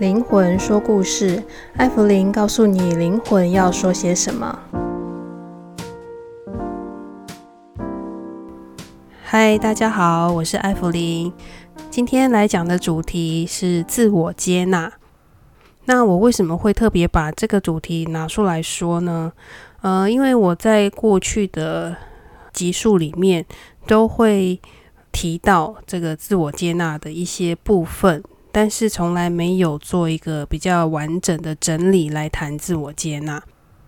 靈魂說故事，艾芙靈告訴你靈魂要說些什麼。嗨，大家好，我是艾芙靈。今天來講的主題是自我接納。那我為什麼會特別把這個主題拿出來說呢？呃，因為我在過去的集數裡面都會提到這個自我接納的一些部分。但是從來沒有做一個比較完整的整理來談自我接納。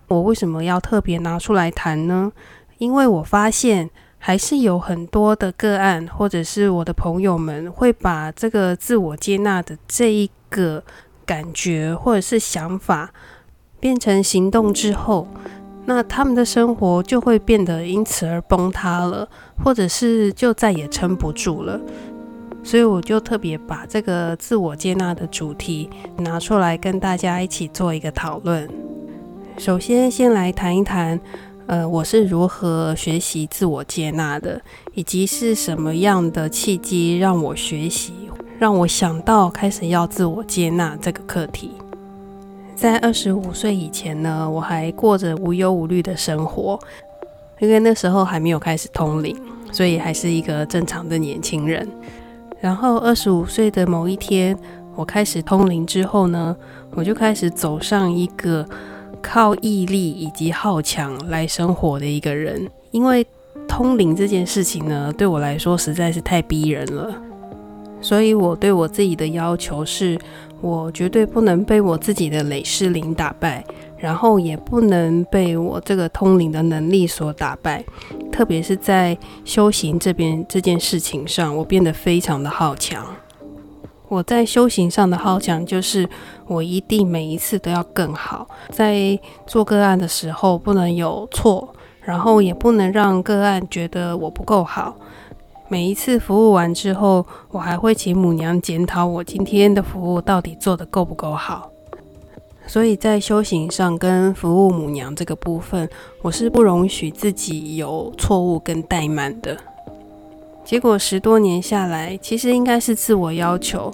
我為什麼要特別拿出來談呢？因為我發現還是有很多的個案，或者是我的朋友們，會把這個自我接納的這一個感覺或者是想法變成行動之後，那他們的生活就會變得因此而崩塌了，或者是就再也撐不住了。所以我就特別把這個自我接納的主題拿出來跟大家一起做一個討論。首先，先來談一談，呃，我是如何學習自我接納的，以及是什麼樣的契機讓我學習，讓我想到開始要自我接納這個課題。在二十五歲以前呢，我還過着無憂無慮的生活，因為那時候還沒有開始通靈，所以還是一個正常的年輕人。然後，二十五歲的某一天，我開始通靈之後呢，我就開始走上一個靠毅力以及好強來生活的一個人。因為通靈這件事情呢，對我來說實在是太逼人了，所以我對我自己的要求是，我絕對不能被我自己的累世靈打敗，然後也不能被我這個通靈的能力所打敗。特別是在修行這邊這件事情上，我變得非常的好強。我在修行上的好強，就是我一定每一次都要更好。在做個案的時候，不能有錯，然後也不能讓個案覺得我不夠好。每一次服務完之後，我還會請母娘檢討我今天的服務到底做得夠不夠好。所以在修行上跟服務母娘這個部分，我是不容許自己有錯誤跟怠慢的。結果十多年下來，其實應該是自我要求，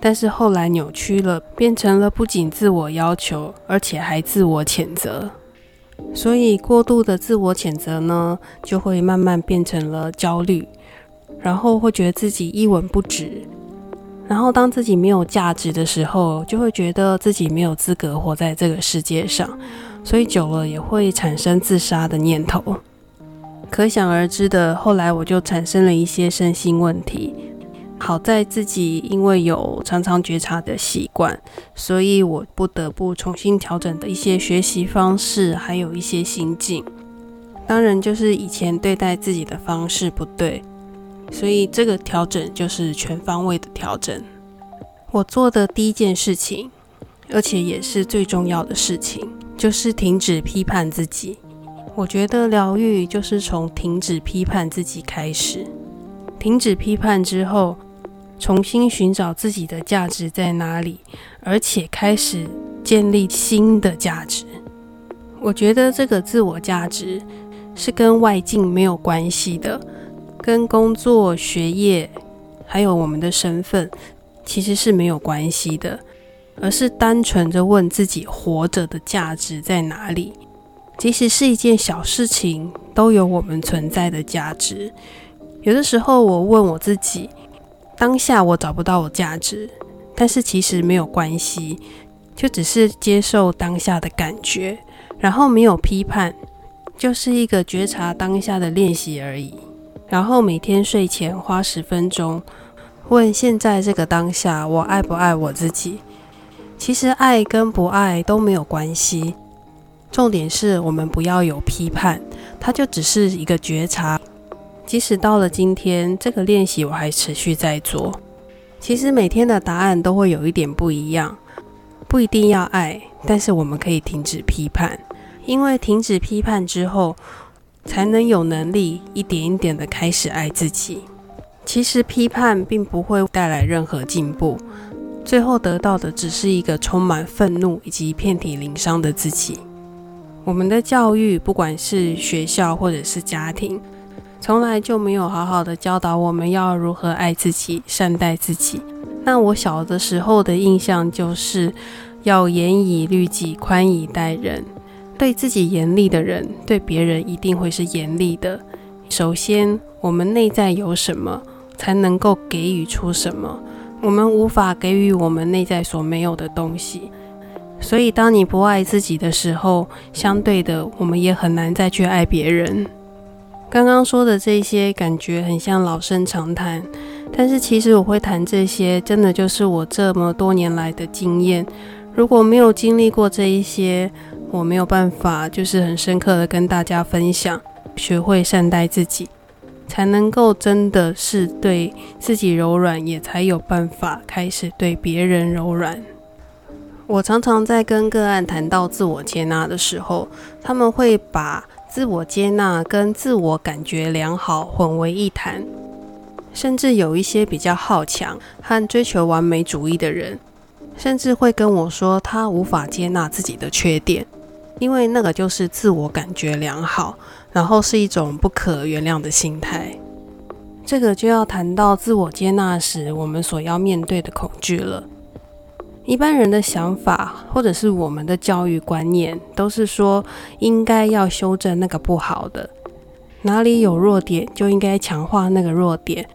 但是後來扭曲了，變成了不僅自我要求，而且還自我譴責。所以過度的自我譴責呢，就會慢慢變成了焦慮。然後會覺得自己一文不值，然後當自己沒有價值的時候，就會覺得自己沒有資格活在這個世界上，所以久了也會產生自殺的念頭。可想而知的，後來我就產生了一些身心問題。好在自己因為有常常覺察的習慣，所以我不得不重新調整的一些學習方式，還有一些心境。當然，就是以前對待自己的方式不對。所以這個調整就是全方位的調整。我做的第一件事情，而且也是最重要的事情，就是停止批判自己。我覺得療癒就是從停止批判自己開始，停止批判之後，重新尋找自己的價值在哪裡，而且開始建立新的價值。我覺得這個自我價值是跟外境沒有關係的。跟工作、學業，還有我們的身份，其實是沒有關係的，而是單純的問自己活着的價值在哪裡。即使是一件小事情，都有我們存在的價值。有的時候我問我自己，當下我找不到我價值，但是其實沒有關係，就只是接受當下的感覺，然後沒有批判，就是一個覺察當下的練習而已。然後每天睡前花十分鐘，問現在這個當下，我愛不愛我自己？其實愛跟不愛都沒有關係，重點是我們不要有批判，它就只是一個覺察。即使到了今天，這個練習我還持續在做。其實每天的答案都會有一點不一樣，不一定要愛，但是我們可以停止批判，因為停止批判之後，才能有能力一點一點的開始愛自己。其實批判並不會帶來任何進步，最後得到的只是一個充滿憤怒以及遍體鱗傷的自己。我們的教育，不管是學校或者是家庭，從來就沒有好好的教導我們要如何愛自己、善待自己。那我小的時候的印象就是，要嚴以律己，寬以待人。對自己嚴厲的人，對別人一定會是嚴厲的。首先，我們內在有什麼，才能夠給予出什麼。我們無法給予我們內在所沒有的東西。所以，當你不愛自己的時候，相對的，我們也很難再去愛別人。剛剛說的這些，感覺很像老生常談，但是其實我會談這些，真的就是我這麼多年來的經驗。如果沒有經歷過這一些，我沒有辦法，就是很深刻的跟大家分享，學會善待自己，才能夠真的是對自己柔軟，也才有辦法開始對別人柔軟。我常常在跟個案談到自我接納的時候，他們會把自我接納跟自我感覺良好混為一談，甚至有一些比較好強和追求完美主義的人，甚至會跟我說他無法接納自己的缺點。因為那個就是自我感覺良好，然後是一種不可原諒的心態。這個就要談到自我接納時我們所要面對的恐懼了。一般人的想法，或者是我們的教育觀念，都是說應該要修正那個不好的，哪裡有弱點就應該強化那個弱點，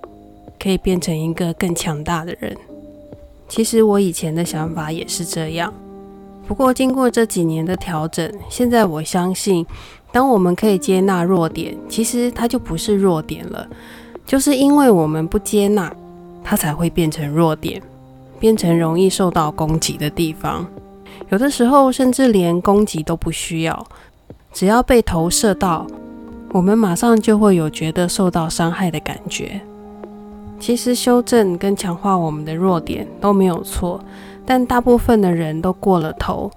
可以變成一個更強大的人。其實我以前的想法也是這樣。不過，經過這幾年的調整，現在我相信，當我們可以接納弱點，其實它就不是弱點了。就是因為我們不接納，它才會變成弱點，變成容易受到攻擊的地方。有的時候，甚至連攻擊都不需要，只要被投射到，我們馬上就會有覺得受到傷害的感覺。其實，修正跟強化我們的弱點都沒有錯。但大部分的人都過了頭，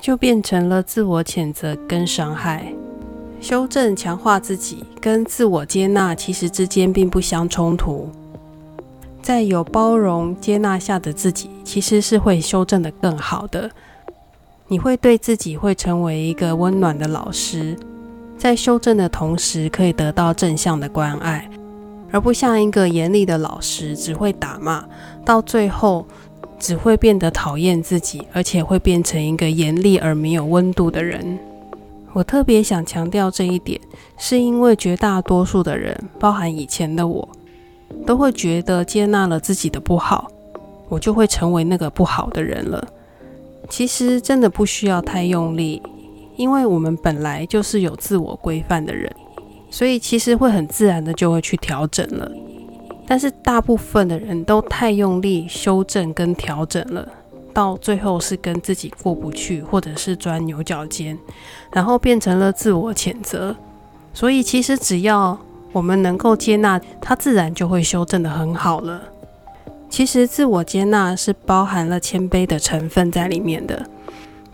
就變成了自我譴責跟傷害。修正強化自己跟自我接納其實之間並不相衝突。在有包容接納下的自己，其實是會修正得更好的。你會對自己會成為一個溫暖的老師，在修正的同時可以得到正向的關愛，而不像一個嚴厲的老師只會打罵，到最後。只會變得討厭自己，而且會變成一個嚴厲而沒有溫度的人。我特別想強調這一點，是因為絕大多數的人，包含以前的我，都會覺得接納了自己的不好，我就會成為那個不好的人了。其實真的不需要太用力，因為我們本來就是有自我規範的人，所以其實會很自然的就會去調整了。但是大部分的人都太用力修正跟調整了，到最後是跟自己過不去，或者是鑽牛角尖，然後變成了自我譴責。所以其實只要我們能夠接納，它自然就會修正得很好了。其實自我接納是包含了謙卑的成分在裡面的，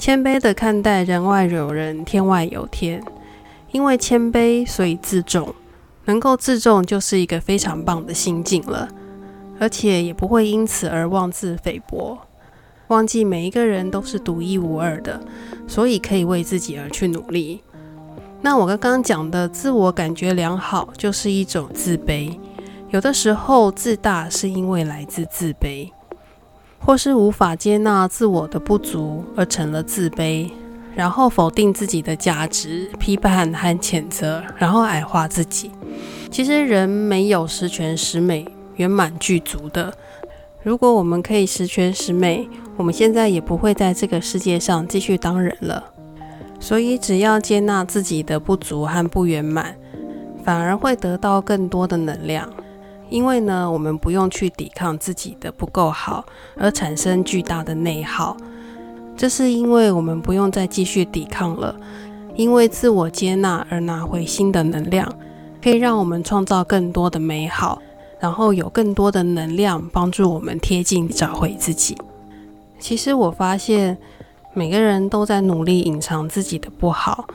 謙卑的看待人外有人，天外有天。因為謙卑，所以自重。能夠自重就是一個非常棒的心境了，而且也不會因此而妄自菲薄，忘記每一個人都是獨一無二的，所以可以為自己而去努力。那我剛剛講的自我感覺良好就是一種自卑，有的時候自大是因為來自自卑，或是無法接納自我的不足而成了自卑。然後否定自己的價值，批判和譴責，然後矮化自己。其實人沒有十全十美、圓滿具足的。如果我們可以十全十美，我們現在也不會在這個世界上繼續當人了。所以只要接納自己的不足和不圓滿，反而會得到更多的能量，因為呢，我們不用去抵抗自己的不夠好，而產生巨大的內耗。這是因為我們不用再繼續抵抗了，因為自我接納而拿回新的能量，可以讓我們創造更多的美好，然後有更多的能量幫助我們貼近找回自己。其實我發現，每個人都在努力隱藏自己的不好，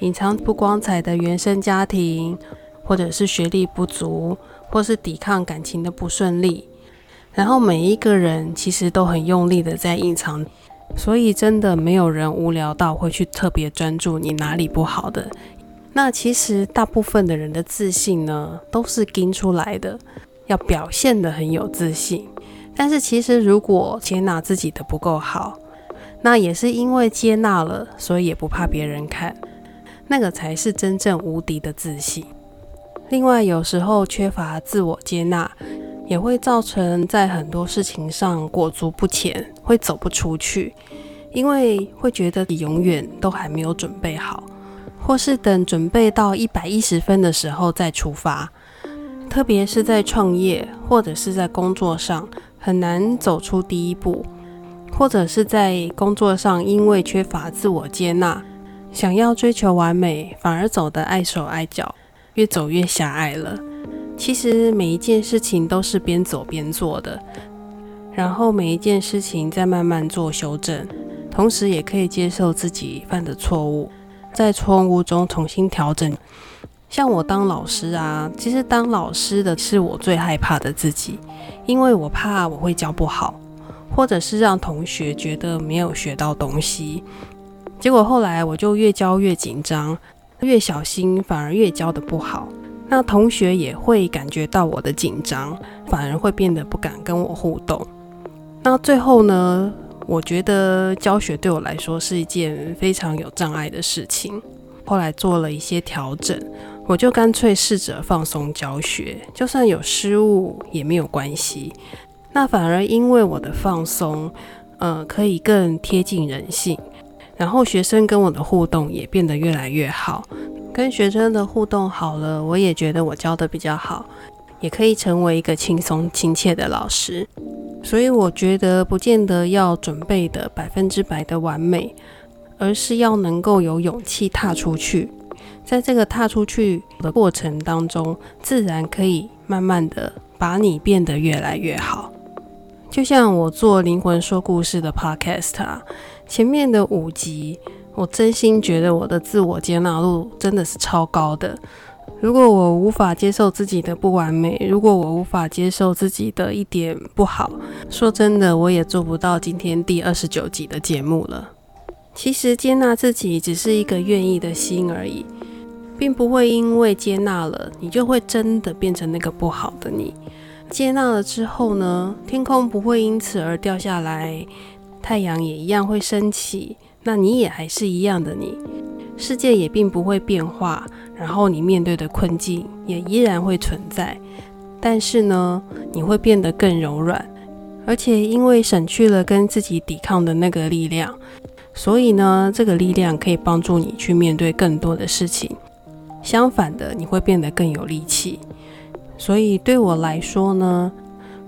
隱藏不光彩的原生家庭，或者是學歷不足，或是抵抗感情的不順利，然後每一個人其實都很用力的在隱藏。所以真的沒有人無聊到會去特別專注你哪裡不好的。那其實大部分的人的自信呢，都是拼出來的，要表現得很有自信。但是其實如果接納自己的不夠好，那也是因為接納了，所以也不怕別人看。那個才是真正無敵的自信。另外，有時候缺乏自我接納，也會造成在很多事情上裹足不前。會走不出去，因為會覺得你永遠都還沒有準備好，或是等準備到一百一十分的時候再出發。特別是在創業或者是在工作上，很難走出第一步；或者是在工作上，因為缺乏自我接納，想要追求完美，反而走得礙手礙腳，越走越狹隘了。其實每一件事情都是邊走邊做的。然後每一件事情再慢慢做修正，同時也可以接受自己犯的錯誤，在錯誤中重新調整。像我當老師啊，其實當老師的是我最害怕的自己，因為我怕我會教不好，或者是讓同學覺得沒有學到東西。結果後來我就越教越緊張，越小心反而越教得不好，那同學也會感覺到我的緊張，反而會變得不敢跟我互動。那最後呢，我覺得教學對我來說是一件非常有障礙的事情。後來做了一些調整，我就乾脆試着放鬆教學，就算有失誤也沒有關係。那反而因為我的放鬆，呃，可以更貼近人性，然後學生跟我的互動也變得越來越好。跟學生的互動好了，我也覺得我教得比較好，也可以成為一個輕鬆親切的老師。所以我覺得，不見得要準備的百分之百的完美，而是要能夠有勇氣踏出去，在這個踏出去的過程當中，自然可以慢慢的把你變得越來越好。就像我做《靈魂說故事》的 Podcast 啊，前面的五集，我真心覺得我的自我接納度真的是超高的。如果我無法接受自己的不完美，如果我無法接受自己的一點不好，說真的，我也做不到今天第二十九集的節目了。其實接納自己只是一個願意的心而已，並不會因為接納了你就會真的變成那個不好的你。接納了之後呢，天空不會因此而掉下來，太陽也一樣會升起，那你也還是一樣的你。世界也並不會變化，然後你面對的困境也依然會存在，但是呢，你會變得更柔軟，而且因為省去了跟自己抵抗的那個力量，所以呢，這個力量可以幫助你去面對更多的事情。相反的，你會變得更有力氣。所以對我來說呢，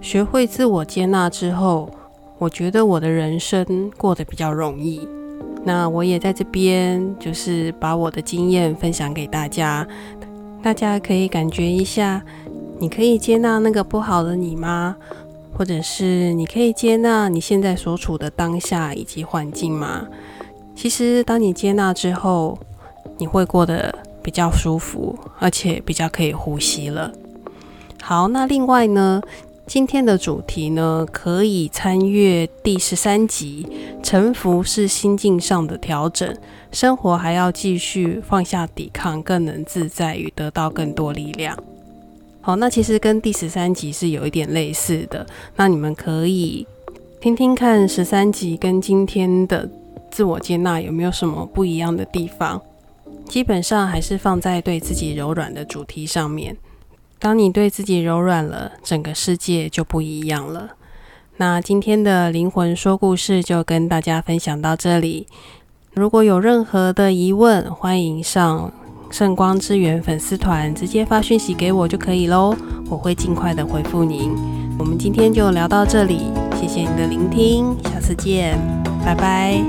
學會自我接納之後，我覺得我的人生過得比較容易。那我也在這邊，就是把我的經驗分享給大家，大家可以感覺一下，你可以接納那個不好的你嗎？或者是你可以接納你現在所處的當下以及環境嗎？其實當你接納之後，你會過得比較舒服，而且比較可以呼吸了。好，那另外呢，今天的主題呢，可以參閱第十三集，臣服是心境上的調整，生活還要繼續放下抵抗，更能自在與得到更多力量。好，那其實跟第十三集是有一點類似的，那你們可以聽聽看，十三集跟今天的自我接納有沒有什麼不一樣的地方？基本上還是放在對自己柔軟的主題上面。當你對自己柔軟了，整個世界就不一樣了。那今天的靈魂說故事就跟大家分享到這裡。如果有任何的疑問，歡迎上聖光之源粉絲團，直接發訊息給我就可以嘍，我會盡快的回覆您。我們今天就聊到這裡，謝謝你的聆聽，下次見，拜拜。